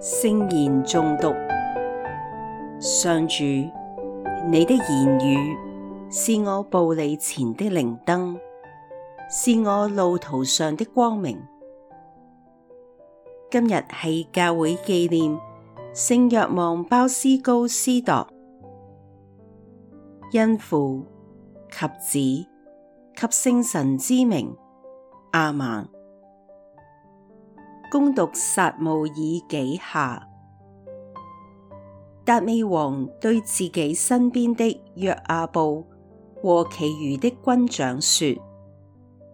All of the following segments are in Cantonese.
聖言誦讀。上主，你的言語是我步履前的靈燈，是我路途上的光明。今日係教會紀念聖若望鮑思高司鐸。因父及子及聖神之名，阿門。恭讀撒慕爾紀下，達味王對自己身邊的約阿布和其餘的軍長說：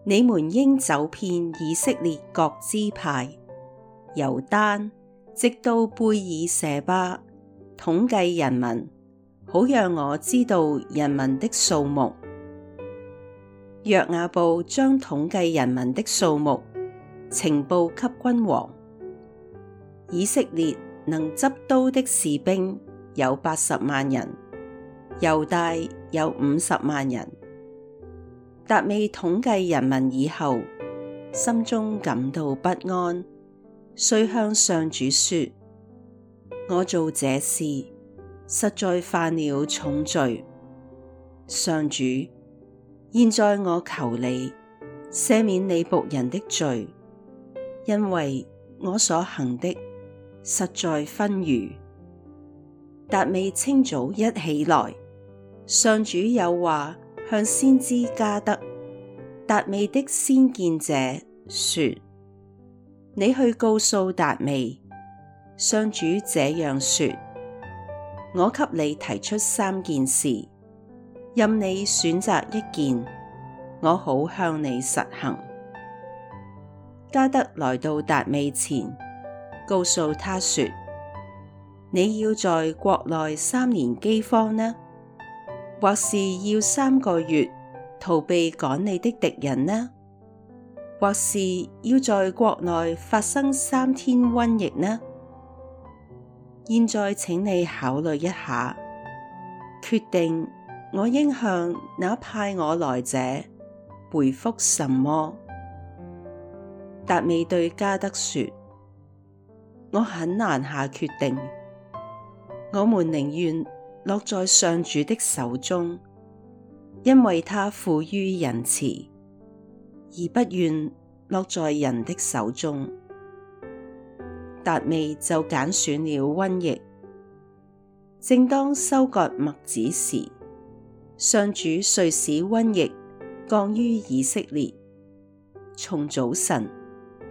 你們應走遍以色列各支派，由丹直到貝爾舍巴，統計人民，好讓我知道人民的數目。約阿布將統計人民的數目。呈報給君王。以色列能執刀的士兵有八十萬人，猶大有五十萬人，達味統計人民以後，心中感到不安，遂向上主說：我做這事實在犯了重罪。上主，現在我求你赦免你僕人的罪。因為我所行的實在昏愚。達味清早一起來，上主有話向先知加得達味的先見者說：你去告訴達味。」上主這樣說：我給你提出三件事，任你選擇一件，我好向你實行。加得來到達味前，告訴他說：你要在國內三年飢荒呢，或是要三個月逃避趕你的敵人呢，或是要在國內發生三天瘟疫呢？現在請你考慮一下，決定我應向那派我來者回覆什麼。達味對加得說：我很難下決定，我們寧願落在上主的手中，因為他富於仁慈，而不願落在人的手中。達味就揀選了瘟疫。正當收割麥子時，上主遂使瘟疫降於以色列，從早晨。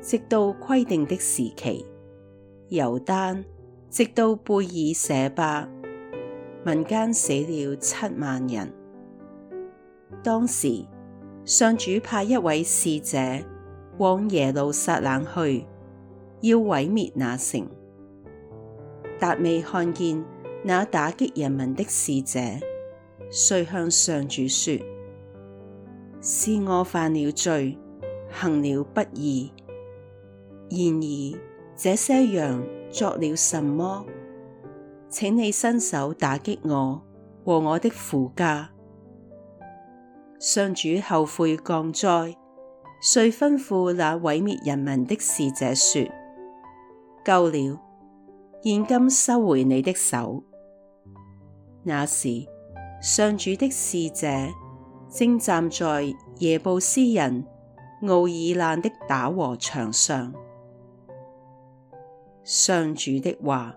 直到規定的時期，由丹直到貝爾舍巴，民間死了七萬人。當時上主派一位使者往耶路撒冷去，要毀滅那城，達味看見那打擊人民的使者，遂向上主說：是我犯了罪，行了不義。然而這些羊作了什麼？請你伸手打擊我和我的父家。上主後悔降災，遂吩咐那毀滅人民的使者說：夠了，現今收回你的手。那時，上主的使者正站在耶步斯人敖爾難的打禾場上。上主的話。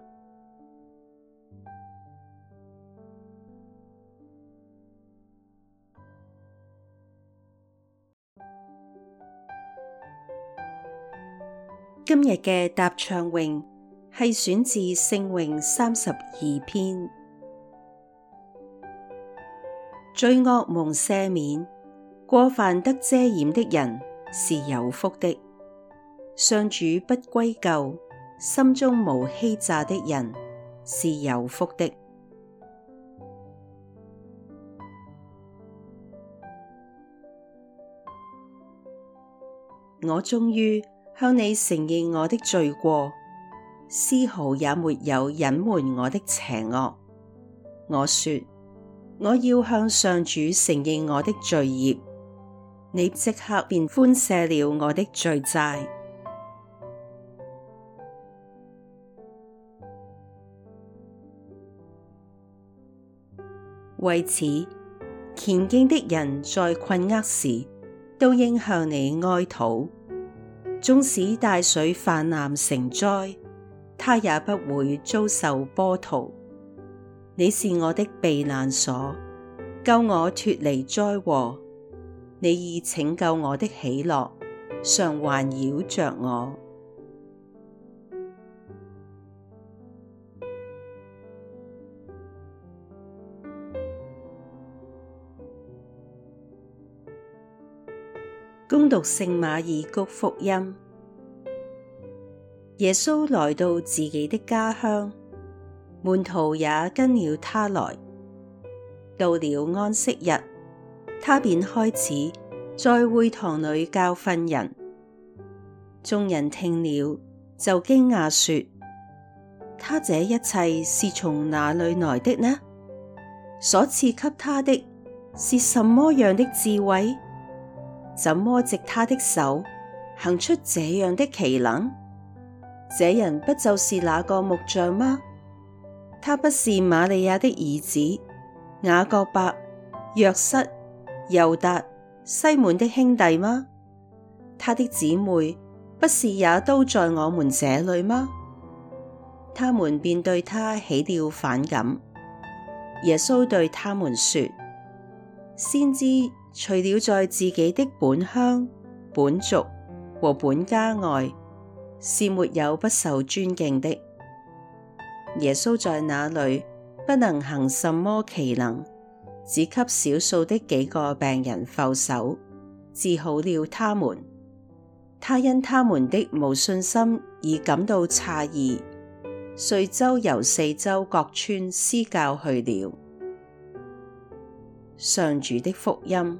今日嘅答唱詠係選自聖詠三十二篇。罪惡蒙赦免，過犯得遮掩的人，是有福的。上主不歸咎。心中無欺詐的人，是有福的。我終於向你承認我的罪過，絲毫也沒有隱瞞我的邪惡。我說，我要向上主承認我的罪孽，你即刻便寬赦了我的罪債。為此，虔敬的人在困厄時都應向你哀禱。縱使大水氾濫成災，他也不會遭受波濤。你是我的避難所，救我脱離災禍。你以拯救我的喜樂，常環繞着我。恭讀聖馬爾谷福音，耶穌來到自己的家鄉，門徒也跟了他來。到了安息日，他便開始在會堂裡教訓人。眾人聽了就驚訝說：他這一切是從哪裡來的呢？所賜給他的是什麼樣的智慧？怎麼藉他的手行出這樣的奇能？這人不就是那個木匠嗎？他不是瑪利亞的兒子、雅各伯、若瑟、猶達、西滿的兄弟嗎？他的姊妹不是也都在我們這裏嗎？他們便對他起了反感。耶穌對他們說：先知。除了在自己的本鄉、本族和本家外，是沒有不受尊敬的。耶穌在那裏不能行什麼奇能，只給少數的幾個病人覆手，治好了他們。他因他們的無信心而感到詫異，遂週遊四周各村施教去了。上主的福音。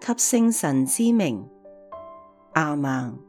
及聖神之名，亞孟。